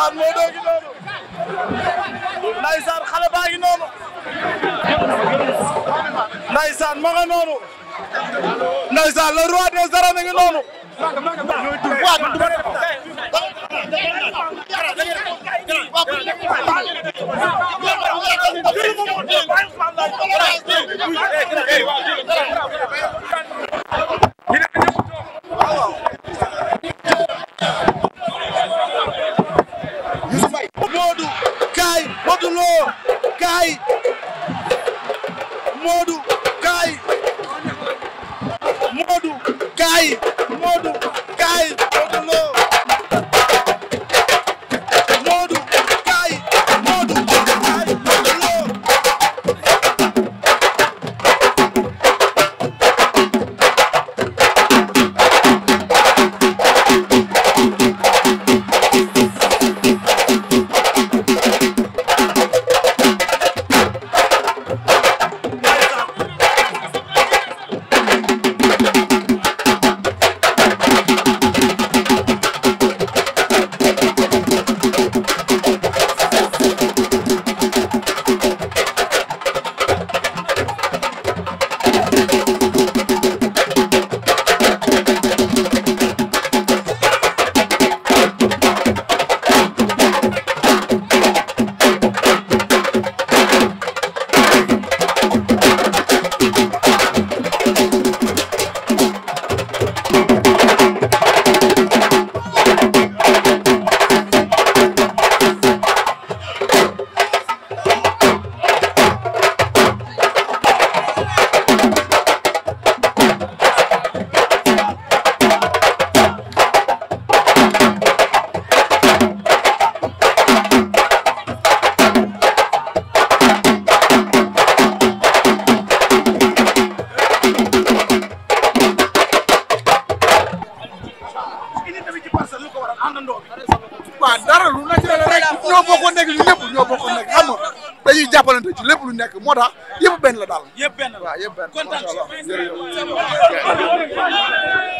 Ndeysaan moo doo gi noonu Ndeysaan xale baa noonu Ndeysaan ma nga noonu Ndeysaan le roi a noonu Modou Lo kaay Modou kaay Modou ñoo bokkoon nekk ñu lépp ñoo bokkoon nekk xam nga dañuy jàppalante ci lépp lu nekk moo tax yëpp benn la daal. yëpp benn la waaw yëpp